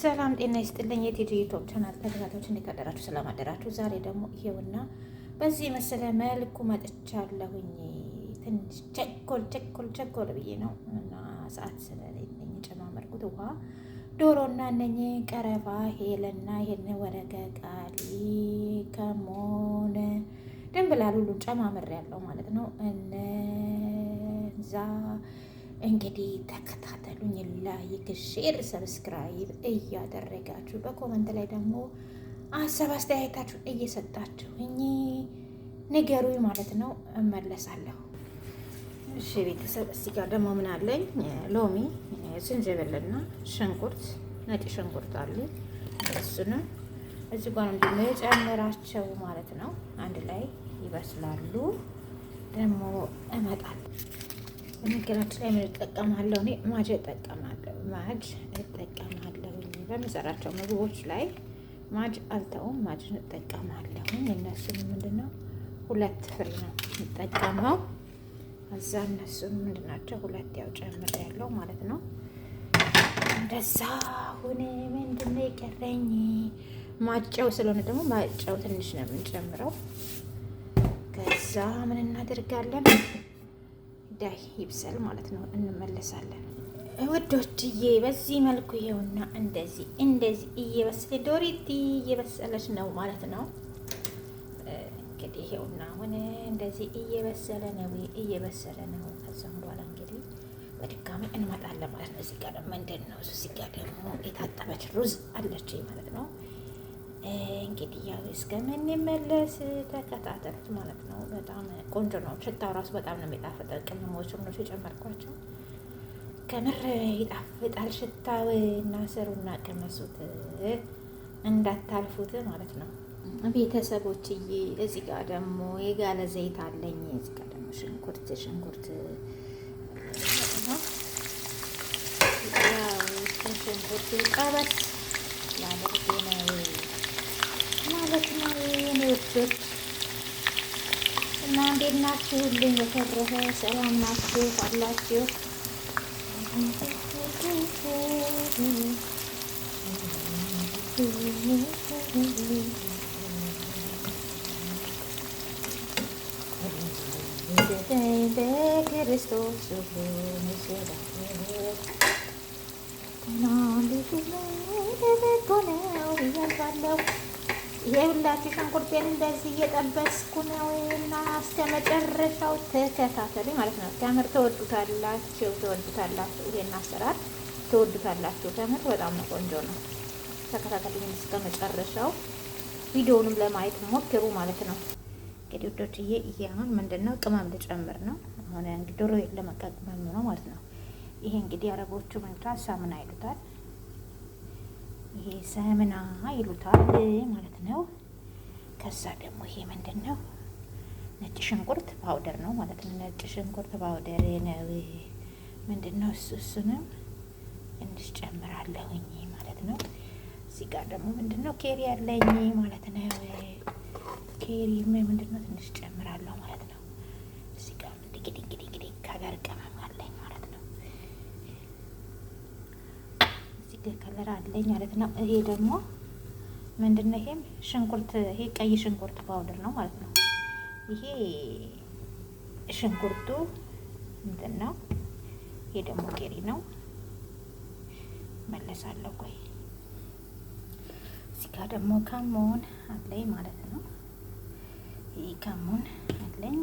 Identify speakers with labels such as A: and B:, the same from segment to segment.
A: ሰላም ጤና ይስጥልኝ። የቴዲ ዩቱብ ቻናል ተከታታዮች እንዴት አደራችሁ? ሰላም አደራችሁ? ዛሬ ደግሞ ይሄውና በዚህ መሰለ መልኩ መጥቻለሁኝ። ትንሽ ቸኮል ቸኮል ቸኮል ብዬ ነው እና ሰዓት ስለሌለኝ የጨማመርኩት ውሃ፣ ዶሮና እነኝ ቀረፋ ሄለና ይሄን ወረቀ ቃሊ ከሞን ደንብላል ሁሉን ጨማምር ያለው ማለት ነው እነዛ እንግዲህ ተከታተሉኝ። ላይክ፣ ሼር፣ ሰብስክራይብ እያደረጋችሁ በኮመንት ላይ ደግሞ አሰብ አስተያየታችሁን እየሰጣችሁኝ ንገሩኝ ማለት ነው። እመለሳለሁ። እሺ ቤተሰብ፣ እዚህ ጋር ደግሞ ምን አለኝ? ሎሚ፣ ዝንጅብልና ሽንኩርት፣ ነጭ ሽንኩርት አለ። እሱንም እዚህ ጋር ነው የጨመራቸው ማለት ነው። አንድ ላይ ይበስላሉ። ደግሞ እመጣለሁ። በነገራችን ላይ ምን እጠቀማለሁ? እኔ ማጅ እጠቀማለሁ። ማጅ እጠቀማለሁ በምሰራቸው ምግቦች ላይ ማጅ አልተውም። ማጅን እጠቀማለሁ። እነሱን ምንድነው ሁለት ፍሬ ነው የምጠቀመው። እዛ እነሱን ምንድናቸው ሁለት ያው ጨምር ያለው ማለት ነው። እንደዛ ሁን። ምንድነው የቀረኝ? ማጨው ስለሆነ ደግሞ ማጨው ትንሽ ነው የምንጨምረው። ከዛ ምን እናደርጋለን? ጉዳይ ይብሰል ማለት ነው። እንመለሳለን ውዶችዬ። በዚህ መልኩ ይሄውና እንደዚህ እንደዚህ እየበሰለ ዶሪቲ እየበሰለች ነው ማለት ነው። እንግዲህ ይሄውና አሁን እንደዚህ እየበሰለ ነው እየበሰለ ነው። ከዛም በኋላ እንግዲህ በድጋሚ እንመጣለን ማለት ነው። እዚህ ጋር ምንድን ነው እዚህ ጋር ደግሞ የታጠበች ሩዝ አለች ማለት ነው። እንግዲህ ያው እስከምንመለስ ተከታተሉት ማለት ነው። በጣም ቆንጆ ነው። ሽታው ራሱ በጣም ነው የሚጣፍጥ። ቅመሞቹም ነው የጨመርኳቸው። ከምር ይጣፍጣል ሽታው እና ስሩና ቀመሱት፣ እንዳታልፉት ማለት ነው ቤተሰቦችዬ። እዚህ ጋር ደግሞ የጋለ ዘይት አለኝ። እዚህ ጋር ደግሞ ሽንኩርት ሽንኩርት ሽንኩርት ቀበስ ውዶች እና እንዴት ናችሁልኝ? የተረፈ ሰላም ናችሁ አላችሁ? በክርስቶስ ነው ያልባለው የሁላችሁ ሽንኩርቴን እንደዚህ እየጠበስኩ ነው እና እስከመጨረሻው ተከታተሉ ማለት ነው። ከምር ተወዱታላችሁ፣ ተወዱታላችሁ። ይሄን አሰራር ተወዱታላችሁ። ከምር በጣም ነው ቆንጆ ነው። ተከታተሉ እስከመጨረሻው፣ ቪዲዮውንም ለማየት ሞክሩ ማለት ነው። እንግዲህ ውዶችዬ ይሄ አሁን ምንድነው ነው ቅመም ልጨምር ነው። አሁን እንግዲህ ዶሮ ለመቀመም ነው ማለት ነው። ይሄ እንግዲህ አረቦቹ ምንታ ሳምን አይሉታል ይሄ ዘምና ይሉታል ማለት ነው። ከዛ ደግሞ ይሄ ምንድን ነው? ነጭ ሽንኩርት ፓውደር ነው ማለት ነው። ነጭ ሽንኩርት ፓውደር ነው ምንድን ነው እሱ እሱንም እንድስ ጨምራለሁኝ ማለት ነው። እዚህ ጋር ደግሞ ምንድን ነው ኬሪ ያለኝ ማለት ነው። ኬሪ ምንድን ነው ትንሽ ጨምራለሁ ማለት ነው። እዚህ ጋር እንግዲህ እንግዲህ እንግዲህ ከለር ቅመም ከለር አለኝ ማለት ነው። ይሄ ደግሞ ምንድን ነው? ይሄም ሽንኩርት ይሄ ቀይ ሽንኩርት ፓውደር ነው ማለት ነው። ይሄ ሽንኩርቱ እንትን ነው። ይሄ ደግሞ ቄሪ ነው። መለሳለሁ። ቆይ እዚህ ጋር ደግሞ ከሞን አለኝ ማለት ነው። ይሄ ከሞን አለኝ።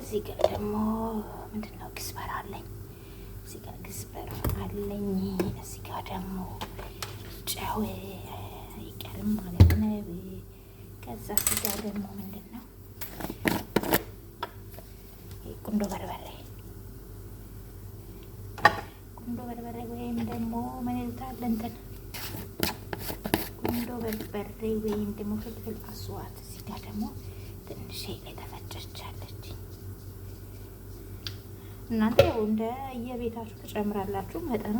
A: እዚህ ጋር ደግሞ ምንድን ነው? ክስበር አለኝ እዚህ ጋር ግዝበር አለኝ። እዚህ ጋር ደግሞ ጨው አይቀርም ማለት ነው። ከዛ እዚህ ጋር ደግሞ ምንድን ነው ቁንዶ በርበሬ ቁንዶ በርበሬ ወይም ደግሞ ምን ይሉታል እንትን ቁንዶ በርበሬ ወይም ደግሞ ፍልፍል አስዋት። እዚህ ጋር ደግሞ ትንሽ የተፈጨቻለች እናንተ ያው እንደ የቤታችሁ ትጨምራላችሁ፣ መጠኑ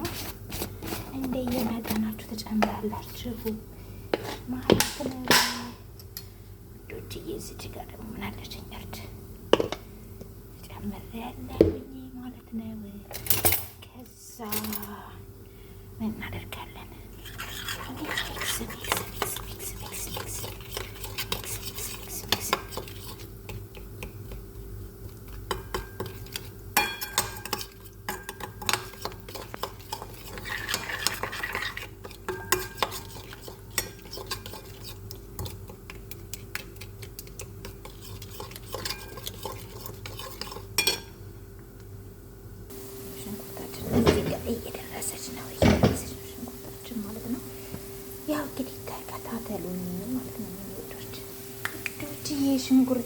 A: እንደ የመጠናችሁ ትጨምራላችሁ ማለት ነው። ጋር ደግሞ ምናለች እርድ ማለት ነው። ከዛ ምን እናደርጋለን?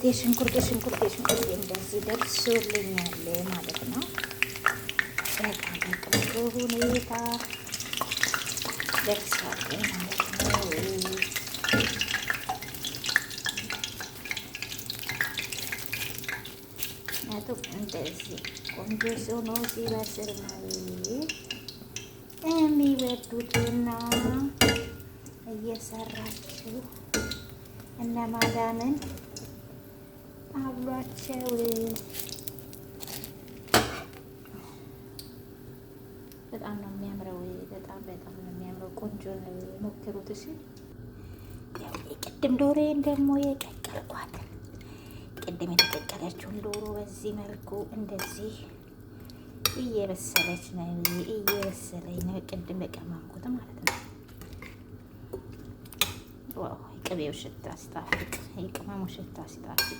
A: የሽንኩርት የሽንኩርት የሽንኩርት እንደዚህ ደርሶልኛል ማለት ነው። በጣም በጥሩ ሁኔታ ደርሷል ማለት ነው። ምክንያቱም እንደዚህ ቆንጆ ሆኖ ሲበስል ነው የሚበዱትና እየሰራችሁ እነ ማዳምን አብሯቸው በጣም ነው የሚያምረው። በጣም በጣም ነው የሚያምረው። ቆንጆ ነው፣ ሞክሩት እሺ። ቅድም ዶሮዬን ደግሞ የቀቀልኳት ቅድም የተቀቀለችውን ዶሮ በዚህ መልኩ እንደዚህ እየበሰለች ነው፣ እየበሰለች ነው። ቅድም የቀመምኩት ማለት ነው። ዋው የቅቤው ሽታ ስታፍጥ የቅመሙ ሽታ ስታፍጥ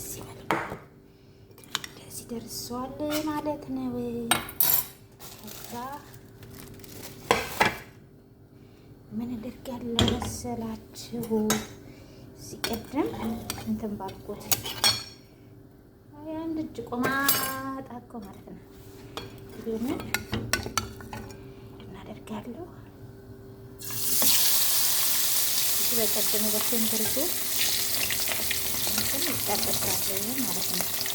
A: ደስ ይበል። እንደዚህ ደርሷል ማለት ነው። ከዛ ምን መሰላችሁ? ሲቀድም እንትን ባልኩት አንድ እጅ ቆማጣ እኮ ማለት ነው። እናደርጋለሁ በቀደም አጣበታለሁ ማለት ነው።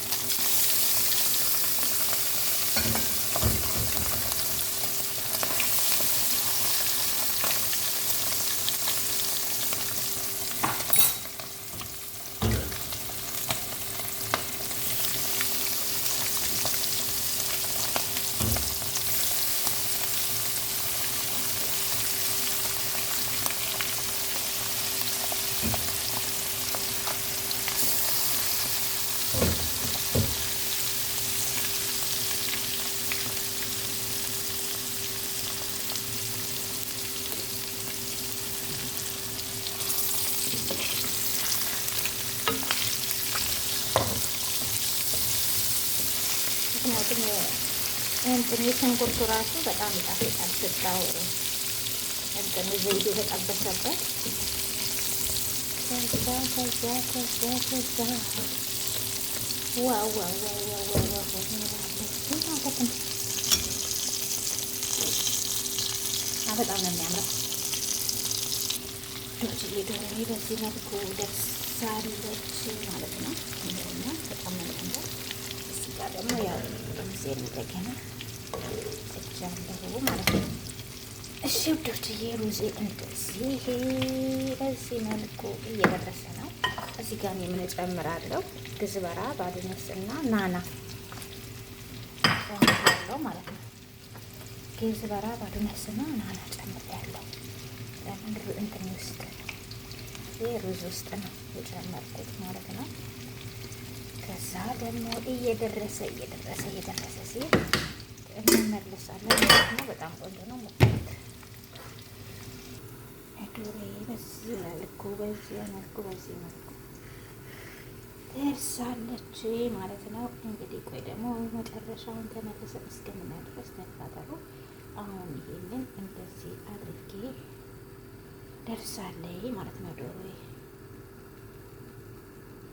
A: እንትን የሽንኩርቱ ራሱ በጣም ይጣፍጣል። ስታው እንትን ዘይት የተጠበሰበት ከዛ ከዛ ከዛ ከዛ ዋው ነው የሚያምረው። ደግሞ ያው ጊዜ እንደገና እጃለሁ ማለት ነው። እሺ ውዶችዬ ሩዜ እንደዚህ በዚህ መልኩ እየደረሰ ነው። እዚህ ጋር የምንጨምራለው ግዝበራ ባዶነስና ናና ያለው ማለት ነው። ግዝበራ ባዶነስና ናና ጨምሬያለሁ። ለምን እንትን ውስጥ ይህ ሩዝ ውስጥ ነው የጨመርኩት ማለት ነው። ከዛ ደግሞ እየደረሰ እየደረሰ እየደረሰ ሲል እንመለሳለን በጣም ቆንጆ ነው። ሞክሩት። ዶሬ በዚህ መልኩ በዚህ መልኩ በዚህ መልኩ ደርሳለች ማለት ነው። እንግዲህ ቆይ ደግሞ መጨረሻውን ተመለሰ እስከምናይ ተፋጠሩ። አሁን ይሄንን እንደዚህ አድርጌ ደርሳለይ ማለት ነው ዶሮዬ